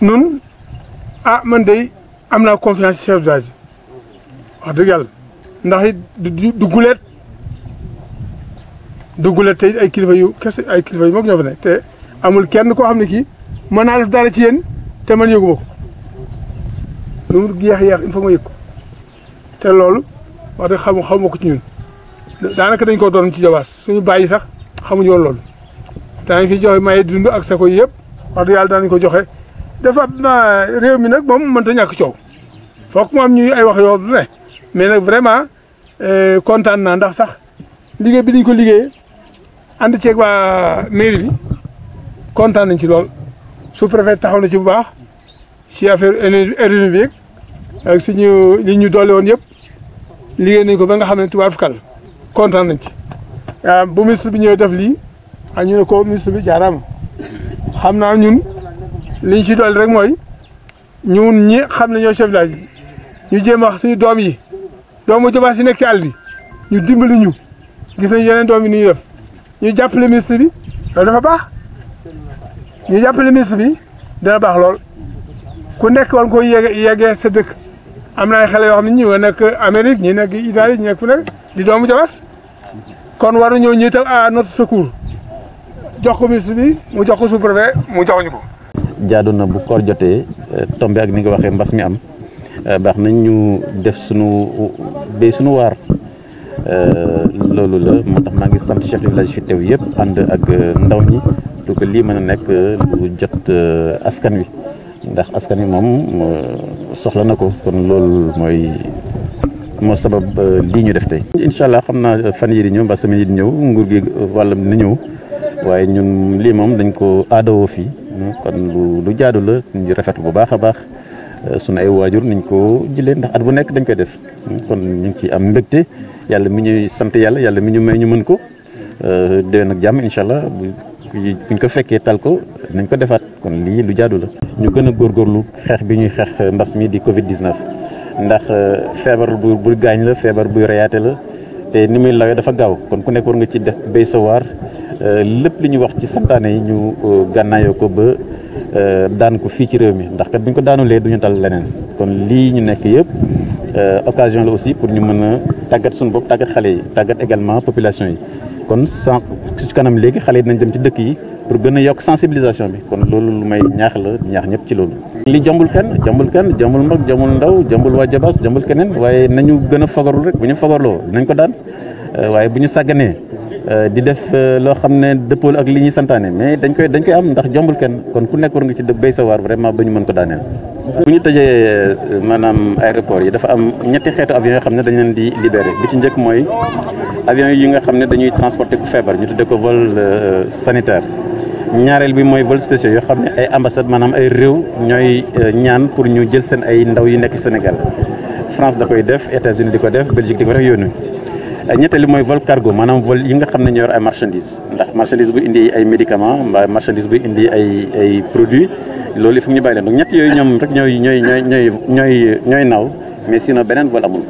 nun a ah, man day am naa confiance ci chef d'âge wax dëgg yàlla ndax it du guleet du guleet te ay kilifa yu kese ay kilifa yu mag ñoo fa ne te amul kenn koo xam ne kii mën naa def dara ci yéen te man yëgu ma ko lu mu yeex yeex il faut ma yëg ko te loolu wax dëgg xamu xamu ko ci ñun daanaka dañ ko doon ci jabaas suñu bàyyi sax xamuñu woon loolu daañu fi joxe maye dund ak sa ko yëpp wax dëgg yàlla daanañ ko joxe dafa réew mi nag moom mënta ñàkk coow foog mu am ñuy ay wax yoo du ne mais nag vraiment eh, kontaan na ndax sax liggéey bi dañ ko liggéey ànd ceeg waa mairie bi kontaan nañ ci lool sous-préfet taxaw na ci bu baax ci affaire énergie bi ak suñu li ñu doole woon yëpp liggéey nañ ko ba nga xam ne tubaab fukal kontaan nañ ci. Ah, bu ministre bi ñëwee def lii ah, ñu ne ko ministre bi jaaraama xam naa ñun. liñ ci dolli rek mooy ñun ñi xam ne ñoo chef ñu jéem wax suñu doom yi doomu jobaas yi nekk ci àll bi ñu dimbali ñu gisa nañ yeneen doom yi ni ñuy ñu jàppale ministre bi loolu dafa baax ñu jàppale ministre bi dana baax lool ku nekk war nga koy yeggee sa dëkk am na ay xale yoo xam ne ñi nga nekk Amérique ñu nekk Italie ñi nekk fu nekk di doomu Jobaas kon war nañoo ñëw itam à notre secours jox ko ministre bi mu jox ko sous-préfet mu joxuñu ko jaadu na bu koor jotee eh, tombé ak ni nga waxee mbas mi am eh, baax nañ ñu def sunu béy sunu waar eh, loolu la moo tax maa ngi sant chef de village fi teew yëpp ànd ak ndaw ñi pour ko lii mën a lu jot askan wi ndax askan wi moom soxla na kon loolu mooy moo sabab lii ñu def tey. incha allah xam naa fan yii di ñëw mbaa semaine yi di ñëw nguur gi wàllam ni ñëw. waaye ñun lii moom dañ ko aadawoo fii hmm, kon lu lu jaadu la ñu rafet bu baax a baax euh, sunu ay waajur niñ ko jëlee ndax at bu nekk dañ koy def hmm, kon ñu ngi ciy am mbégte yàlla mi ñuy sant yàlla yàlla mi ñu may ñu mën ko euh, déwén ak jàmm allah buñ ko fekkee tal ko nañ ko defaat kon lii lu jaadu la. ñu gën a góor góorgóorlu xeex bi ñuy xeex mbas mi di Covid 19 ndax euh, feebar bu bu gaañ la feebar buy reyaate la te ni muy lawee dafa gaaw kon ku nekk war nga ci def béy sa waar Euh, lépp li ñu wax ci santaane yi ñu euh, gànnaayoo ko ba euh, daan ko fii ci réew mi ndax kat bu ñu ko daanulee du ñu dal leneen kon lii ñu nekk yëpp occasion la aussi pour ñu mën a tàggat suñu bopp tàggat xale yi tàggat également population yi kon sans su kanam léegi xale yi dinañ dem ci dëkk yi pour gën a yokk sensibilisation bi kon loolu lu may ñaax la ñaax ñëpp ci loolu. li jambul kenn jambul kenn jambul mag jambul ndaw jambul waa jabaas jambul keneen waaye nañu gën a fagarul rek bu ñu fagarloo dinañ ko daan waaye bu ñu sàgganee Euh, di def euh, loo xam ne dëppool ak li ñuy santaane mais dañ koy dañ koy am ndax jombul kenn kon ku nekk war nga ci béy sa waar vraiment ba ñu mën ko daaneel. bu ñu tëjee euh, maanaam aéroport yi dafa am ñetti xeetu avion yoo xam ne dañ leen di libéré bi ci njëkk mooy avion yi nga xam ne dañuy transporter ku feebar ñu tuddee ko vol sanitaire. ñaareel bi mooy vol spéciaux yoo xam ne ay ambassade maanaam ay réew ñooy ñaan pour ñu jël seen ay ndaw yi nekk Sénégal France da koy def États-Unis di ko def Belgique di ko def yooyu ñetteelu mooy vol cargo maanaam vol yi nga xam ne ñoo yor ay marchandise ndax marchandise bu indi ay médicament mbaa marchandise bu indi ay ay produits loolu il faut ñu bàyyi leen donc ñett yooyu ñoom rek ñooy ñooy ñooy ñooy ñooy ñooy naw mais sinon beneen vol amul.